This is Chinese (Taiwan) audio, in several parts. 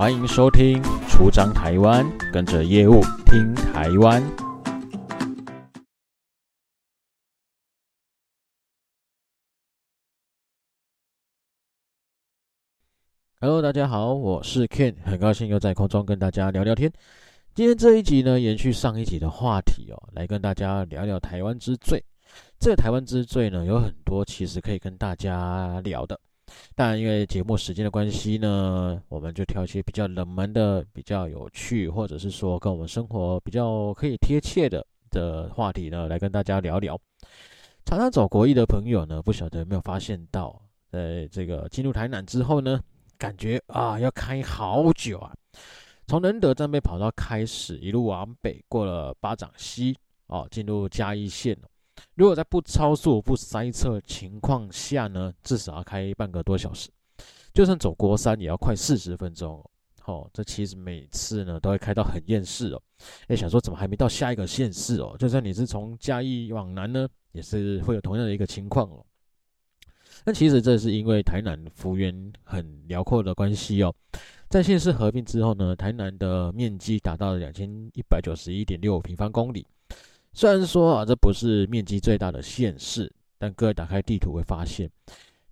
歡迎收聽《出張台灣》，跟着業務聽台灣。Hello，大家好，我是 Ken，很高興又在空中跟大家聊聊天。今天這一集呢，延續上一集的話題哦，來跟大家聊聊台灣之最。這個、台灣之最呢，有很多其實可以跟大家聊的。但，因為節目時間的關係呢，我們就挑一些比較冷門的、比較有趣，或者是說跟我們生活比較可以貼切的的話題呢，來跟大家聊聊。常常走國一的朋友呢，不曉得有沒有發現到，在這個進入台南之後呢，感覺啊要開好久啊，從仁德戰備跑道開始，一路往北，過了八掌溪哦，進入嘉義縣。如果在不超速、不塞車，情況下呢，至少要開半個多小時，就算走國三也要快四十分鐘哦。這其實每次呢都會開到很厭世哦。欸，想說怎麼還沒到下一個縣市哦？就算你是從嘉義往南呢，也是會有同樣的一個情況哦。那其實這是因為臺南幅員很遼闊的關係哦。在縣市合併之後呢，台南的面積達到兩千一百九十一點六五平方公里。雖然說啊，這不是面積最大的縣市，但各位打開地圖會發現，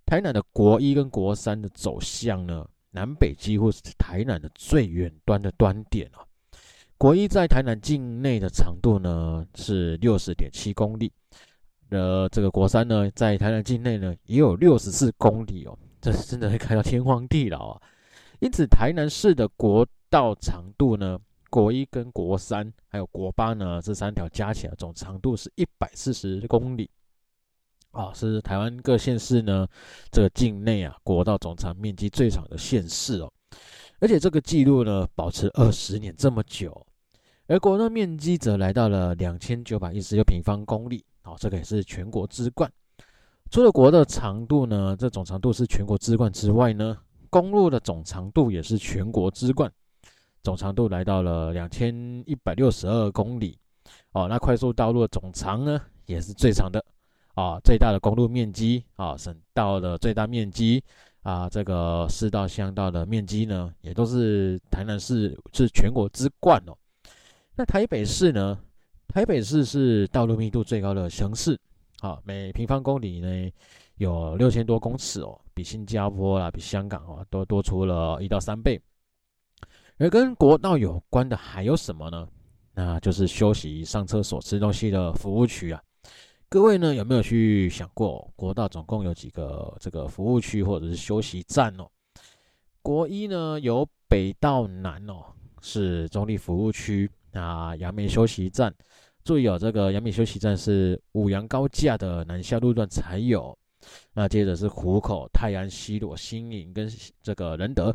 台南的國一跟國三的走向呢，南北幾乎是台南的最遠端的端點啊。國一在台南境內的長度呢是六十點七公里，呃這個國三呢，在台南境內呢也有六十四公里哦，這真的會開到天荒地老啊。因此，台南市的國道長度呢，國一跟國三還有國八呢，這三條加起來總長度是一百四十公里，啊、哦，是台灣各縣市呢這個境內啊國道總長面積最長的縣市哦，而且這個記錄呢保持二十年這麼久，而國道面積則來到了兩千九百一十六平方公里，哦，這個也是全國之冠。除了國道長度呢，這總長度是全國之冠之外呢，公路的總長度也是全國之冠。總長度來到了兩千一百六十二公里哦，那快速道路的總長呢也是最長的啊，最大的公路面積啊，省道的最大面積啊，這個市道鄉道的面積呢，也都是台南市是全國之冠哦。那台北市呢，台北市是道路密度最高的城市啊，每平方公里呢有六千多公尺哦，比新加坡啊，比香港啊都多出了一到三倍。而跟國道有關的還有什麼呢？那就是休息、上廁所、吃東西的服務區啊。各位呢，有沒有去想過，國道總共有幾個這個服務區或者是休息站呢、哦、國一呢，由北到南哦，是中壢服務區啊，那楊梅休息站。注意哦，這個楊梅休息站是五楊高架的南下路段才有。那接着是湖口、泰安、西螺、新營跟這個仁德。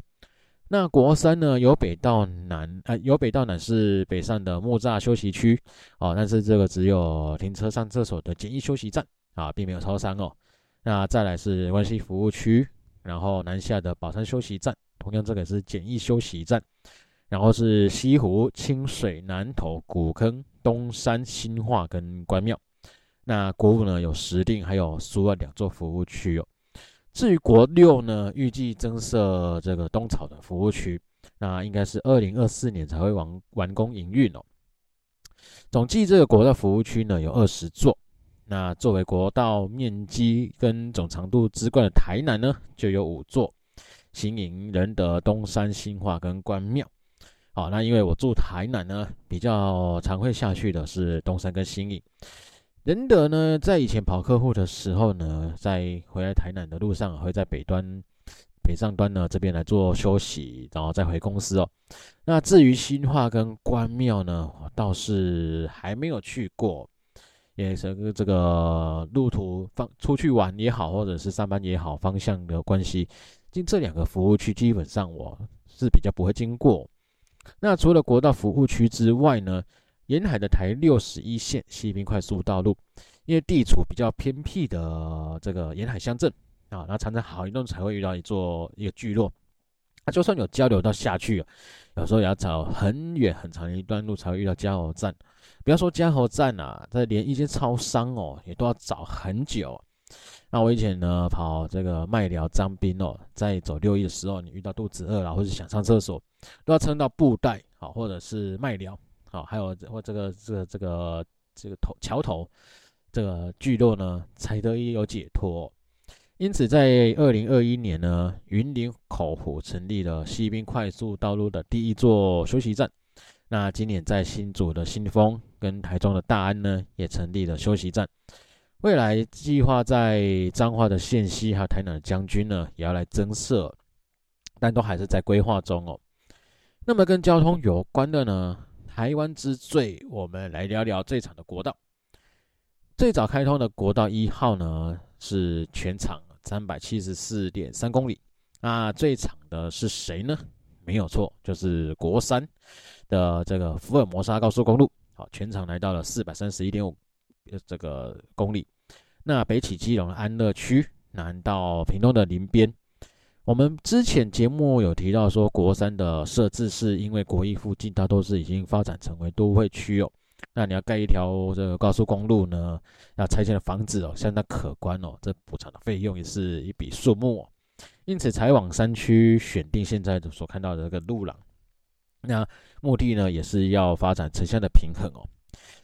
那國三呢，由北到南，呃，由北到南是北上的木柵休息區哦，但是這個只有停車上廁所的簡易休息站啊，並沒有超商哦。那再來是關西服務區，然後南下的寶山休息站，同樣這個是簡易休息站。然後是西湖、清水、南投、古坑、東山、新化跟關廟。那國五呢，有石碇，還有蘇澳兩座服務區哦。至於國六呢，預計增設這個東草的服務區，那應該是二零二四年才會完完工營運哦。總計這個國道服務區呢有二十座，那作為國道面積跟總長度之冠的台南呢就有五座，新營、仁德、東山、新化跟關廟。好，那因為我住台南呢，比較常會下去的是東山跟新營。仁德呢，在以前跑客戶的時候呢，在回來台南的路上，會在北端、北上端呢這邊來做休息，然後再回公司哦。那至於新化跟關廟呢，我倒是還沒有去過，也是這個路途方出去玩也好，或者是上班也好，方向的關係，經這兩個服務區基本上我是比較不會經過。那除了國道服務區之外呢？沿海的台六十一線西濱快速道路，因為地處比較偏僻的這個沿海鄉鎮啊，那常常好運動才會遇到一座一個聚落、啊，那就算有交流到下去、啊，有時候也要找很遠很長的一段路才會遇到加油站。不要說加油站啊，在連一些超商哦，也都要找很久、啊。那我以前呢跑這個麥寮、彰濱哦，在走六一的時候，你遇到肚子餓了，或是想上廁所，都要撐到布袋啊，或者是麥寮。哦，還有或這個這個這個這個頭橋頭這個聚落呢，才得以有解脫、哦。因此，在二零二一年呢，雲林口湖成立了西濱快速道路的第一座休息站。那今年在新竹的新豐跟台中的大安呢，也成立了休息站。未來計劃在彰化的線西，還有台南的將軍呢，也要來增設，但都還是在規劃中哦。那麼跟交通有關的呢？台灣之最，我們來聊聊最長的國道。最早開通的國道一號呢，是全長三百七十四點三公里。那最長的是誰呢？沒有錯，就是國三的這個福爾摩沙高速公路。好，全長來到了四百三十一點五呃這個公里。那北起基隆安樂區，南到屏東的林邊。我們之前節目有提到說，國三的設置是因為國一附近它都是已經發展成為都會區哦，那你要蓋一條這個高速公路呢，要拆遷的房子哦，相當可觀哦，這補償的費用也是一筆數目哦，因此才往山區選定現在所看到的這個路廊，那目的呢也是要發展城鄉的平衡哦，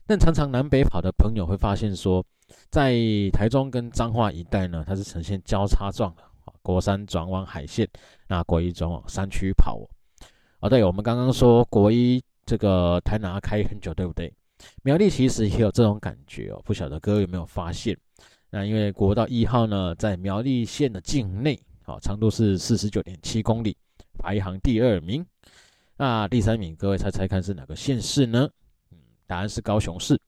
但常常南北跑的朋友會發現說，在台中跟彰化一帶呢，它是呈現交叉狀的。國三轉往海線，那國一轉往山區跑哦。哦、oh，對，我們剛剛說國一這個台南開很久，對不對？苗栗其實也有這種感覺哦，不曉得各位有沒有發現？那因為國道一號呢，在苗栗縣的境內，哦，長度是四十九點七公里，排行第二名。那第三名，各位猜猜看是哪個縣市呢？嗯，答案是高雄市。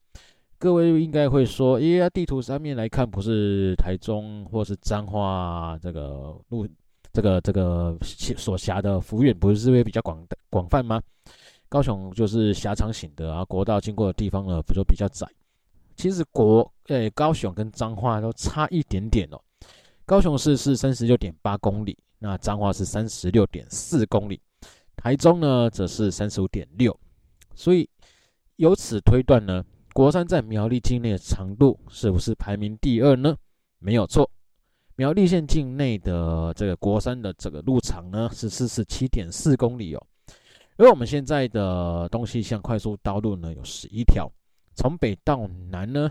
各位應該會說，因、欸、為地圖上面來看，不是台中或是彰化、啊、這個路，這個這個所轄的幅員不是因為比較廣的廣泛嗎？高雄就是狹長型的、啊，而國道經過的地方呢，不就比較窄？其實國誒、欸，高雄跟彰化都差一點點哦。高雄市是三十六點八公里，那彰化是三十六點四公里，台中呢則是三十五點六，所以由此推斷呢。國三在苗栗境內的長度是不是排名第二呢？沒有錯，苗栗縣境內的這個國三的這個路長呢是四十七點四公里哦。而我們現在的東西向快速道路呢有十一條，從北到南呢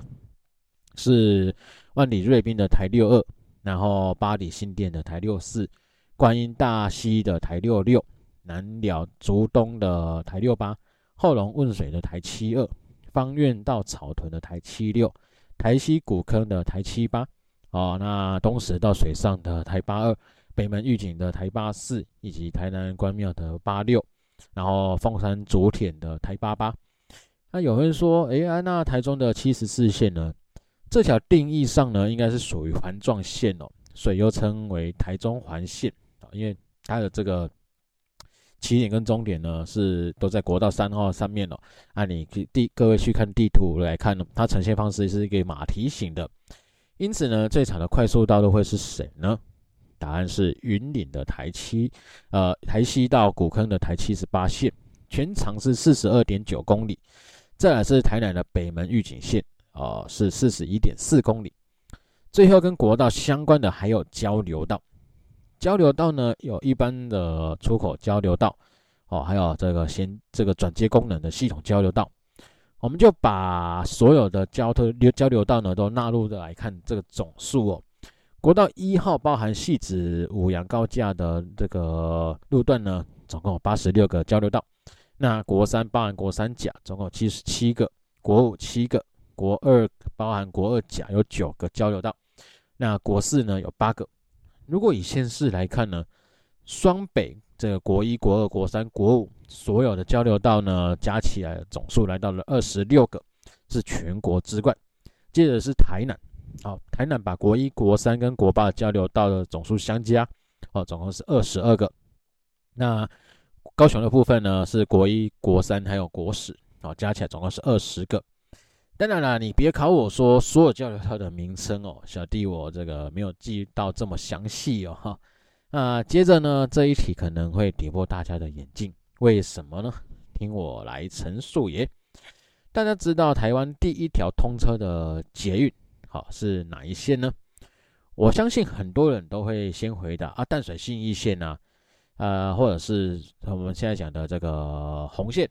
是萬里瑞濱的台六二，然後八裡新店的台六四，觀音大溪的台六六，南寮竹東的台六八，後龍汶水的台七二。方院到草屯的台七六，台西古坑的台七八，哦，那東石到水上的台八二，北門預警的台八四，以及台南關廟的八六，然後鳳山左添的台八八。那有人說，哎、啊，那台中的七十四線呢？這條定義上呢，應該是屬於環狀線哦，所以又稱為台中環線、哦、因為它的這個。起點跟終點呢，是都在國道三號上面哦，那、啊、你地各位去看地圖來看呢，它呈現方式是一個馬蹄形的，因此呢，最長的快速道路會是誰呢？答案是雲林的台七，呃，台西到古坑的台七十八線，全長是四十二點九公里，再來是台南的北門預警線，哦、呃，是四十一點四公里，最後跟國道相關的還有交流道。交流道呢，有一般的出口交流道，哦，還有這個先這個轉接功能的系統交流道，我們就把所有的交通流交流道呢都納入來看這個總數哦。國道一號包含汐止五楊高架的這個路段呢，總共八十六個交流道。那國三包含國三甲，總共七十七個；國五七個；國二包含國二甲有九個交流道。那國四呢有八個。如果以縣市來看呢，雙北這個國一、國二、國三、國五所有的交流道呢，加起來總數來到了二十六個，是全國之冠。接着是台南，好、哦，台南把國一、國三跟國八交流道的總數相加，哦，總共是二十二個。那高雄的部分呢，是國一、國三還有國十，啊、哦，加起來總共是二十個。當然啦，你別考我說所有交流道的名稱哦，小弟我這個沒有記到這麼詳細哦哈。那、啊、接着，呢，這一題可能會跌破大家的眼鏡，為什麼呢？聽我來陳述也。大家知道台灣第一條通車的捷運，好、啊、是哪一線呢？我相信很多人都會先回答啊淡水信義線啊、呃，或者是我們現在講的這個紅線。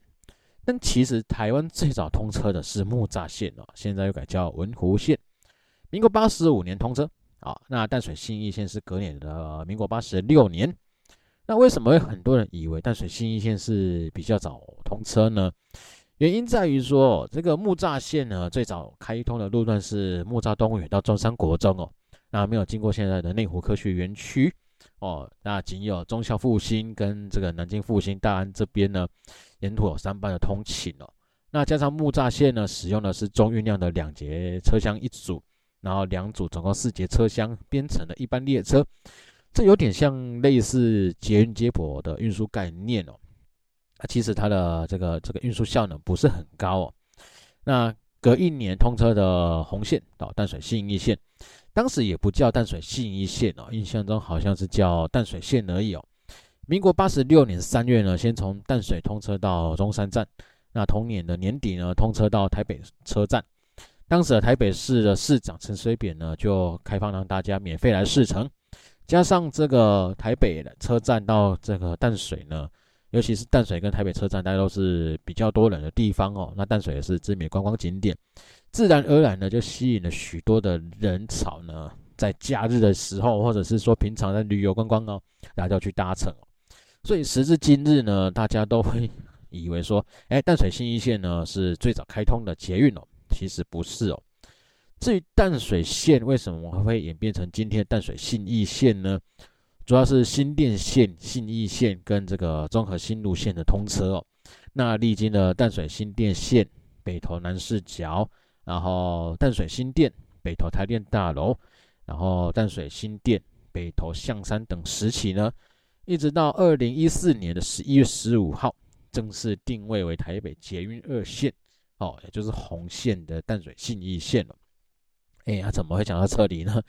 但其實台灣最早通車的是木柵線哦，現在又改叫文湖線。民國八十五年通車啊，那淡水信義線是隔年的民國八十六年。那為什麼會很多人以為淡水信義線是比較早通車呢？原因在於說，這個木柵線呢最早開通的路段是木柵動物園到中山國中哦，那沒有經過現在的內湖科學園區。哦，那僅有忠孝復興跟這個南京復興、大安這邊呢，沿途有三班的通勤哦。那加上木柵線呢，使用的是中運量的兩節車廂一組，然後兩組總共四節車廂編成的一班列車，這有點像類似捷運接駁的運輸概念哦。啊，其實它的這個這個運輸效能不是很高哦。那隔一年通車的紅線到淡水信義線。當時也不叫淡水信義線哦，印象中好像是叫淡水線而已哦。民國八十六年三月呢，先從淡水通車到中山站，那同年的年底呢，通車到台北車站。當時的台北市的市長陳水扁呢，就開放讓大家免費來試乘，加上這個台北車站到這個淡水呢。尤其是淡水跟台北車站，大家都是比較多人的地方哦。那淡水也是知名觀光景點，自然而然呢就吸引了許多的人潮呢。在假日的時候，或者是說平常的旅遊觀光哦，大家就要去搭乘、哦。所以時至今日呢，大家都會以為說，哎、欸，淡水信義線呢是最早開通的捷運哦。其實不是哦。至於淡水線為什麼會演變成今天淡水信義線呢？主要是新店線、信義線跟這個中和新蘆線的通車哦。那歷經了淡水新店線北投南勢角，然後淡水新店北投台電大樓，然後淡水新店北投象山等時期呢，一直到二零一四年的十一月十五號，正式定位為台北捷運二線哦，也就是紅線的淡水信義線了、哦。哎、欸，他、啊、怎麼會講到這裡呢？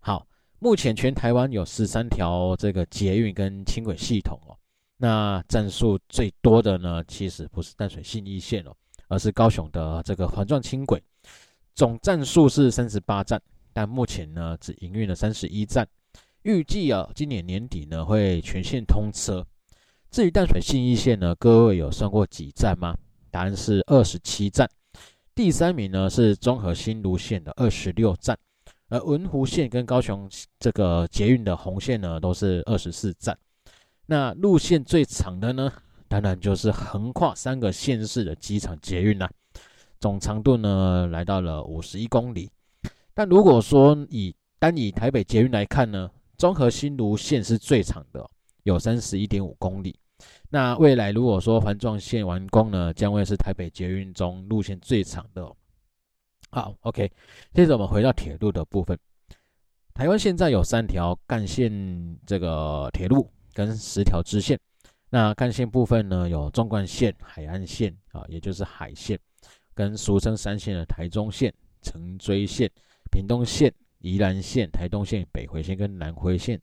好。目前全台灣有十三條這個捷運跟輕軌系統哦，那站數最多的呢，其實不是淡水信義線哦，而是高雄的這個環狀輕軌，總站數是三十八站，但目前呢只營運了三十一站，預計啊今年年底呢會全線通車。至於淡水信義線呢，各位有算過幾站嗎？答案是二十七站，第三名呢是中和新蘆線的二十六站。而文湖線跟高雄這個捷運的紅線呢，都是二十四站。那路線最長的呢，當然就是橫跨三個縣市的機場捷運啦、啊、總長度呢來到了五十一公里。但如果說以單以台北捷運來看呢，中和新蘆線是最長的，有三十一點五公里。那未來如果說環狀線完工呢，將會是台北捷運中路線最長的。好，OK，接着我們回到鐵路的部分。台灣現在有三條幹線，這個鐵路跟十條支線。那幹線部分呢，有縱貫線、海岸線啊，也就是海線，跟俗稱三線的台中線、成追線、屏東線、宜蘭線、台東線、北回線跟南回線。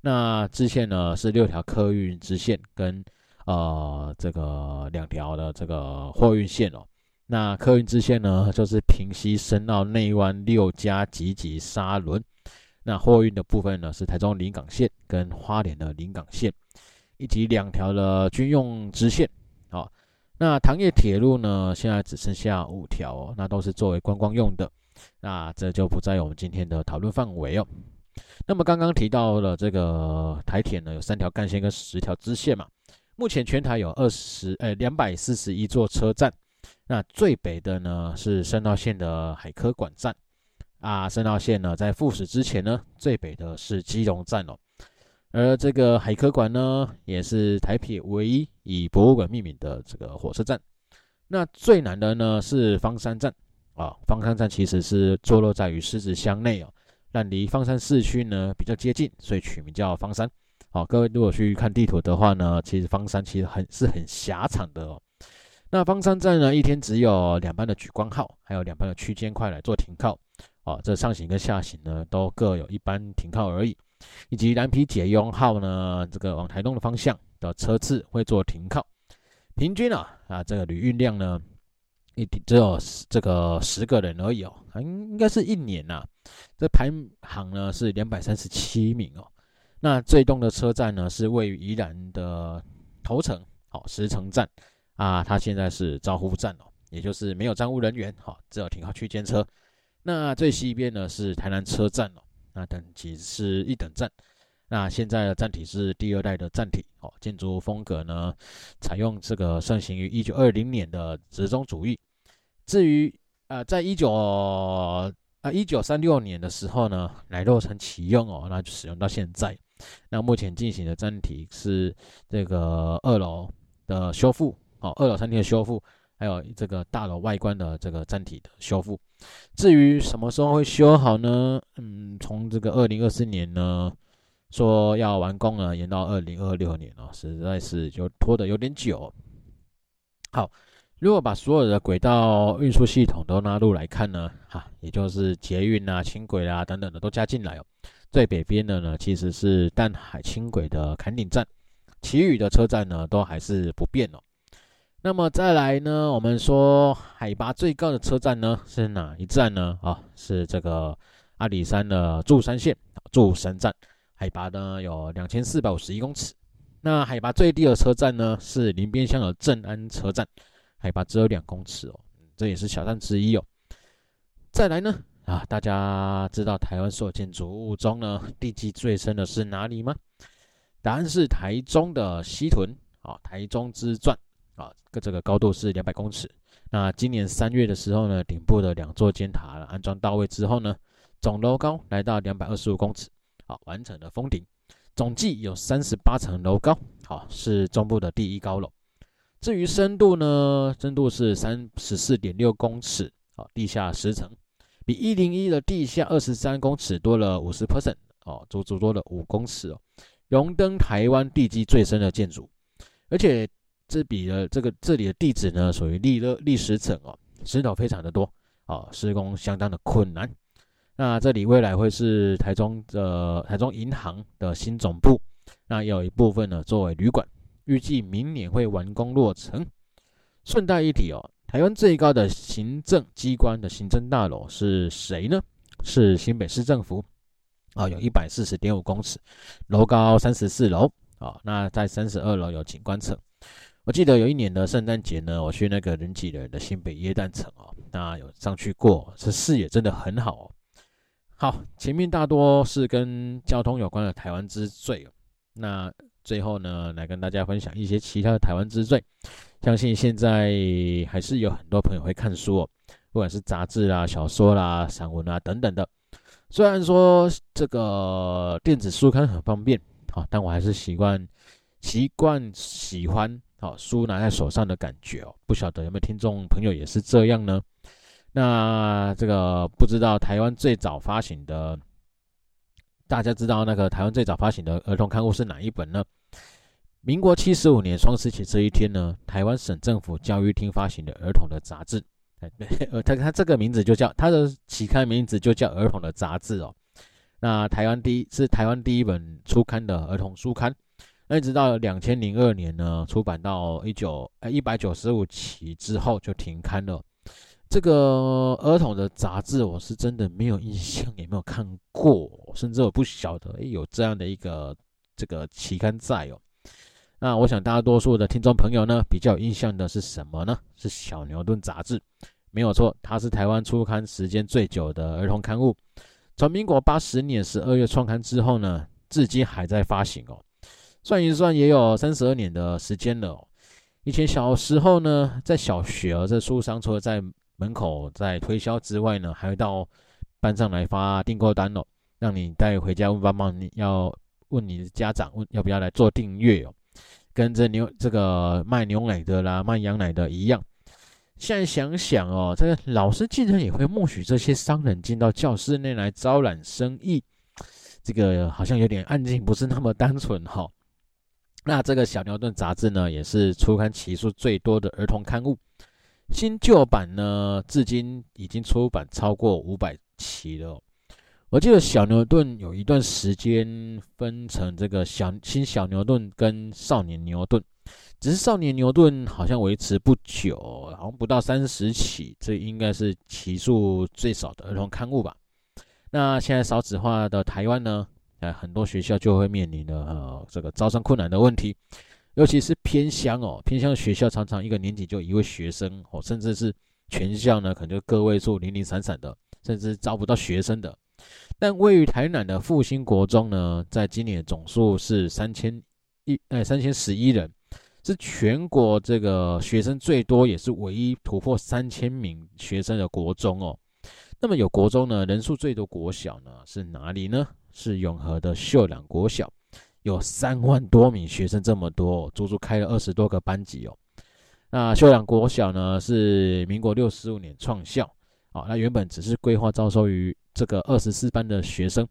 那支線呢，是六條客運支線跟呃這個兩條的這個貨運線哦。那客運支線呢，就是平溪、深澳、內灣、六家，集集、沙崙。那貨運的部分呢，是台中臨港線跟花蓮的臨港線，以及兩條的軍用支線。好，那糖業鐵路呢，現在只剩下五條，哦，那都是作為觀光用的，那這就不在我們今天的討論範圍哦。那麼剛剛提到了這個台鐵呢，有三條幹線跟十條支線嘛。目前全台有二十呃兩百四十一座車站。那最北的呢是深澳線的海科館站，啊，深澳線呢在復駛之前呢最北的是基隆站哦，而這個海科館呢也是台鐵唯一以博物館命名的這個火車站。那最南的呢是枋山站，啊，枋山站其實是坐落在於獅子鄉內哦，但離枋山市區呢比較接近，所以取名叫枋山。好，啊，各位如果去看地圖的話呢，其實枋山其實很是很狹長的哦。那枋山站呢，一天只有兩班的莒光號，還有兩班的區間快來做停靠。哦，這上行跟下行呢，都各有一班停靠而已。以及藍皮解憂號呢，這個往台東的方向的車次會做停靠。平均啊，啊，這個旅運量呢，一隻有這個十個人而已哦。應該是一年吶、啊，這排行呢是兩百三十七名哦。那最東的車站呢，是位於宜蘭的頭城，哦，石城站。啊，它現在是招呼站哦，也就是沒有站務人員，好、哦，只有停靠區間車。那最西邊呢，是台南車站哦，那等級是一等站。那現在的站體是第二代的站體哦，建築風格呢採用這個盛行於一九二零年的折衷主義。至於啊、呃、在一九啊一九三六年的時候呢，乃落成啟用哦，那就使用到現在。那目前進行的站體是這個二樓的修復。好，二樓餐廳的修復，還有這個大樓外觀的這個站體的修復。至於什麼時候會修好呢？嗯，從這個二零二四年呢說要完工了，延到二零二六年了，實在是就拖得有點久。好，如果把所有的軌道運輸系統都納入來看呢，哈、啊，也就是捷運啊、輕軌啊等等的都加進來哦。最北邊的呢，其實是淡海輕軌的崁頂站，其餘的車站呢都還是不變哦。那麼再來呢，我們說海拔最高的車站呢是哪一站呢？啊、哦，是這個阿里山的祝山線祝山站，海拔呢有兩千四百五十一公尺。那海拔最低的車站呢是林邊鄉的鎮安車站，海拔只有兩公尺哦，這也是小站之一哦。再來呢，啊，大家知道台灣所有建築物中呢地基最深的是哪裡嗎？答案是台中的西屯啊、哦，台中之鑽。啊，個這個高度是兩百公尺。那今年三月的時候呢，頂部的兩座尖塔安裝到位之後呢，總樓高來到兩百二十五公尺，好，完成了封頂。總計有三十八層樓高，好，是中部的第一高樓。至於深度呢，深度是三十四點六公尺，啊，地下十層，比一零一的地下二十三公尺多了五十 percent，哦，足足多了五公尺哦，榮登台灣地基最深的建築，而且。這裡的這個這裡的地址呢，屬於礫礫石層哦，石頭非常的多哦，施工相當的困難。那這裡未來會是台中呃台中銀行的新總部，那有一部分呢作為旅館，預計明年會完工落成。順帶一提哦，台灣最高的行政機關的行政大樓是誰呢？是新北市政府啊、哦，有一百四十點五公尺，樓高三十四樓啊、哦，那在三十二樓有景觀層。我記得有一年的聖誕節呢，我去那個人擠人的新北耶誕城哦、喔。那有上去過，這視野真的很好、喔。好，前面大多是跟交通有關的台灣之最哦、喔。那最後呢，來跟大家分享一些其他的台灣之最。相信現在還是有很多朋友會看書、喔，不管是雜誌啦、小說啦、散文啊等等的。雖然說這個電子書刊很方便啊，但我還是習慣習慣喜歡。好書拿在手上的感覺哦，不曉得有沒有聽眾朋友也是這樣呢？那這個不知道台灣最早發行的，大家知道那個台灣最早發行的兒童刊物是哪一本呢？民國七十五年雙十節這一天呢，台灣省政府教育廳發行的兒童的雜誌，呃，他他這個名字就叫他的期刊名字就叫兒童的雜誌哦。那台灣第一是台灣第一本初刊的兒童書刊。那一直到兩千零二年呢，出版到一九誒一百九十五期之後就停刊了。這個兒童的雜誌，我是真的沒有印象，也沒有看過，甚至我不曉得誒、哎、有這樣的一個這個期刊在哦。那我想大多數的聽眾朋友呢，比較有印象的是什麼呢？是小牛頓雜誌，沒有錯，它是台灣出刊時間最久的兒童刊物，從民國八十年十二月創刊之後呢，至今還在發行哦。算一算，也有三十二年的時間了、哦。以前小時候呢，在小學、啊、這書商，除了在門口在推銷之外呢，還會到班上來發訂購單哦，讓你帶回家問爸媽，你要問你的家長，問要不要來做訂閱哦。跟這牛這個賣牛奶的啦，賣羊奶的一樣。現在想想哦，這個老師竟然也會默許這些商人進到教室內來招攬生意，這個好像有點案件不是那麼單純哈、哦。那這個小牛頓雜誌呢，也是出刊期數最多的兒童刊物，新舊版呢，至今已經出版超過五百期了。我記得小牛頓有一段時間分成這個小新小牛頓跟少年牛頓，只是少年牛頓好像維持不久，好像不到三十期，這應該是期數最少的兒童刊物吧。那現在少子化的台灣呢，很多學校就會面臨的呃這個招生困難的問題，尤其是偏鄉哦，偏鄉學校常常一個年級就一位學生哦，甚至是全校呢可能就個位數零零散散的，甚至招不到學生的。但位於台南的復興國中呢，在今年總數是三千一哎三千十一人，是全國這個學生最多，也是唯一突破三千名學生的國中哦。那麼有國中呢，人數最多國小呢是哪裡呢？是永和的秀朗國小，有三萬多名學生，這麼多、哦，足足開了二十多個班級哦。那秀朗國小呢，是民國六十五年創校，啊、哦，那原本只是規劃招收於這個二十四班的學生，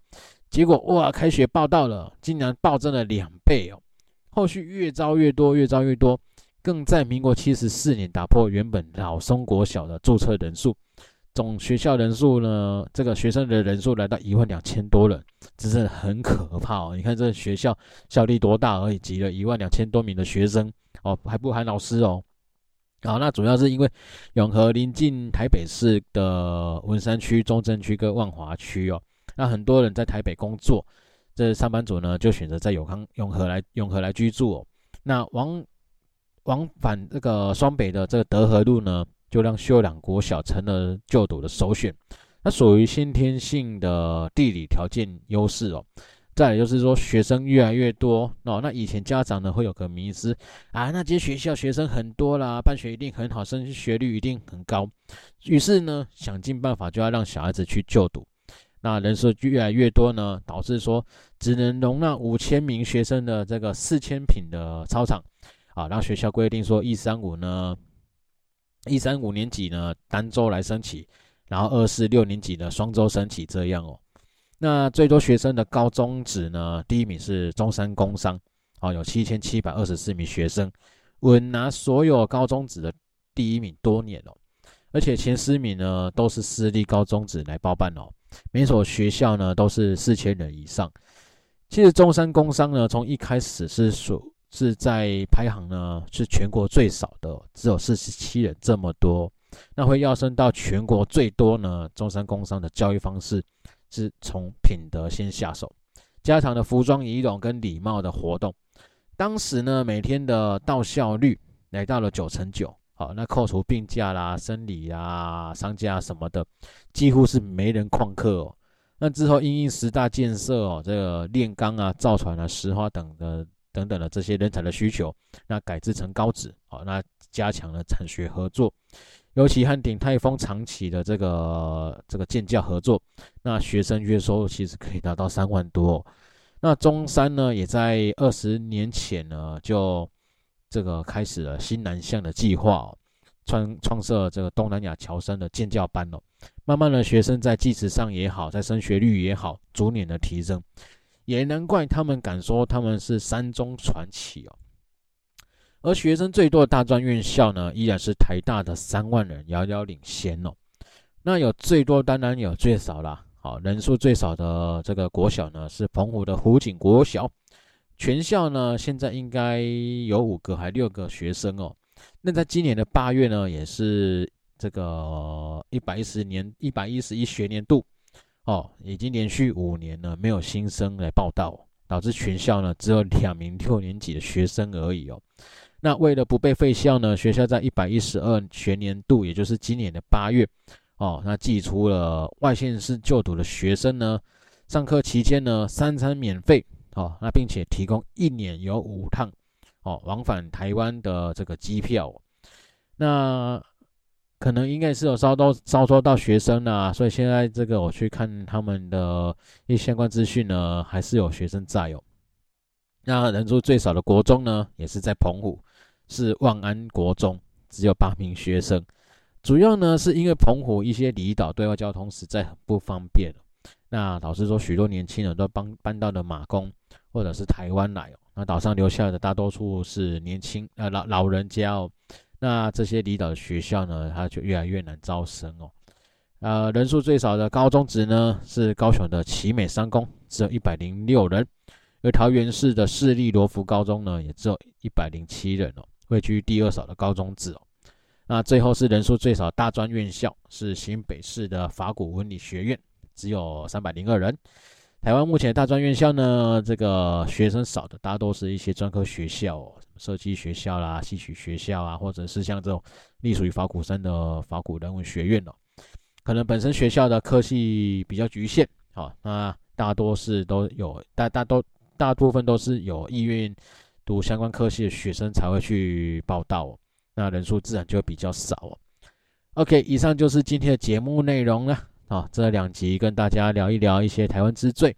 結果哇，開學報到了，竟然暴增了兩倍哦。後續越招越多，越招越多，更在民國七十四年打破原本老松國小的注冊人數。總學校人數呢，這個學生的人數來到一萬兩千多人，真是很可怕哦！你看這學校效力多大而已，擠了一萬兩千多名的學生哦，還不含老師哦。好、哦，那主要是因為永和臨近台北市的文山區、中正區跟萬華區哦，那很多人在台北工作，這上班族呢就選擇在永康永和來永和來居住，哦。那往往返這個雙北的這個德和路呢，就讓秀朗國小成了就讀的首選，那屬於先天性的地理條件優勢哦。再來就是說，學生越來越多哦，哦那以前家長呢會有個迷思啊，那些學校學生很多啦，辦學一定很好，升學率一定很高。於是呢，想盡辦法就要讓小孩子去就讀。那人數越來越多呢，導致說只能容納五千名學生的這個四千坪的操場啊，讓學校規定說一三五呢。一三五年級呢，單周來升旗，然後二四六年級呢，雙周升旗。這樣哦。那最多學生的高中職呢，第一名是中山工商，哦，有七千七百二十四名學生，穩拿所有高中職的第一名多年哦。而且前十名呢，都是私立高中職來包辦哦。每所學校呢，都是四千人以上。其實中山工商呢，從一開始是屬。是在排行呢，是全國最少的，只有四十七人這麼多。那會躍升到全國最多呢。中山工商的教育方式是從品德先下手，加強的服裝儀容跟禮貌的活動。當時呢，每天的到校率來到了九成九，好，那扣除病假啦、生理啊、喪假什麼的，幾乎是沒人曠課哦。那之後，因應十大建設哦，這個煉鋼啊、造船啊、石化等的。等等的這些人才的需求，那改制成高職，那加強了產學合作，尤其和鼎泰豐長期的這個這個建教合作，那學生月收入其實可以達到三萬多哦。那中山呢，也在二十年前呢，就這個開始了新南向的計劃哦，創創設了這個東南亞僑生的建教班了哦。慢慢的，學生在技術上也好，在升學率也好，逐年的提升。也難怪他們敢說他們是山中傳奇哦，而學生最多的大專院校呢，依然是台大的三萬人遙遙領先哦。那有最多，當然有最少啦，好，人數最少的這個國小呢，是澎湖的湖景國小，全校呢現在應該有五個還六個學生哦。那在今年的八月呢，也是這個一百一十年、一百一十一學年度。哦，已經連續五年了，沒有新生來報到，導致全校呢，只有兩名六年級的學生而已哦。那為了不被廢校呢，學校在一百一十二學年度，也就是今年的八月，哦，那寄出了外縣市就讀的學生呢，上課期間呢，三餐免費哦，那並且提供一年有五趟哦往返台灣的這個機票，那。可能應該是有招到招收到學生啦、啊，所以現在這個我去看他們的一些相關資訊呢，還是有學生在哦。那人數最少的國中呢，也是在澎湖，是萬安國中，只有八名學生。主要呢是因為澎湖一些離島對外交通實在很不方便。那老師說，許多年輕人都搬搬到了馬公或者是台灣來哦。那島上留下的大多數是年輕呃老老人家哦。那這些離島的學校呢，它就越來越難招生哦。呃，人數最少的高中職呢，是高雄的奇美商工，只有一百零六人；而桃園市的市立羅浮高中呢，也只有一百零七人哦，位居第二少的高中職哦。那最後是人數最少的大專院校，是新北市的法鼓文理學院，只有三百零二人。台灣目前的大專院校呢，這個學生少的，大多是一些專科學校哦。設計學校啦、啊、戲曲學校啊，或者是像這種隸屬於法鼓山的法鼓人文學院哦、啊，可能本身學校的科系比較局限，啊、哦，那大多是都有大大多大，大部分都是有意願讀相關科系的學生才會去報到，那人數自然就比較少、哦、OK，以上就是今天的節目內容了、啊，好、哦，這兩集跟大家聊一聊一些台灣之最，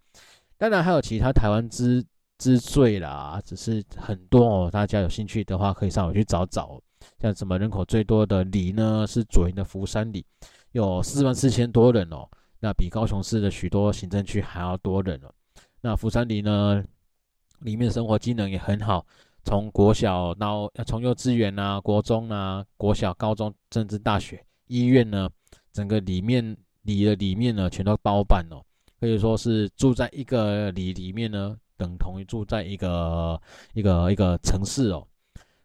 當然還有其他台灣之。之最啦，只是很多哦。大家有興趣的話，可以上網去找找。像什麼人口最多的里呢？是左營的福山里，有四萬四千多人哦。那比高雄市的許多行政區還要多人哦。那福山里呢，裡面生活機能也很好，從國小到從幼稚園啊，國中啊，國小、高中，甚至大學、醫院呢，整個里面里的裡面呢，全都包辦哦。可以說是住在一個里裡面呢。等同於住在一個一個一個城市哦。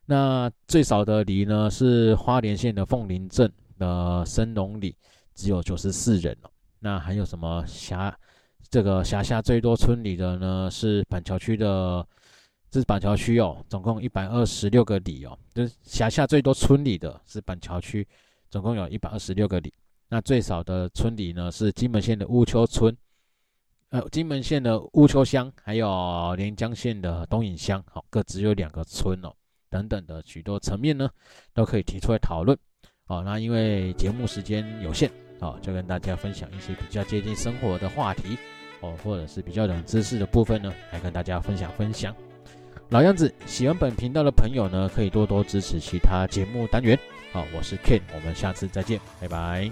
那最少的里呢，是花蓮縣的鳳林鎮的森榮里，只有九十四人哦。那還有什麼轄這個轄下最多村里的呢？是板橋區的，這是板橋區哦，總共一百二十六個里哦。就是轄下最多村里的是板橋區，總共有一百二十六個里。那最少的村里呢，是金門縣的烏坵村。呃，金門縣的烏丘鄉，還有連江縣的東引鄉，好、哦、各只有兩個村哦，等等的許多層面呢，都可以提出來討論。好、哦，那因為節目時間有限，好、哦、就跟大家分享一些比較接近生活的話題哦，或者是比較冷知識的部分呢，來跟大家分享分享。老樣子，喜歡本頻道的朋友呢，可以多多支持其他節目單元。好、哦，我是 Ken，我們下次再見，拜拜。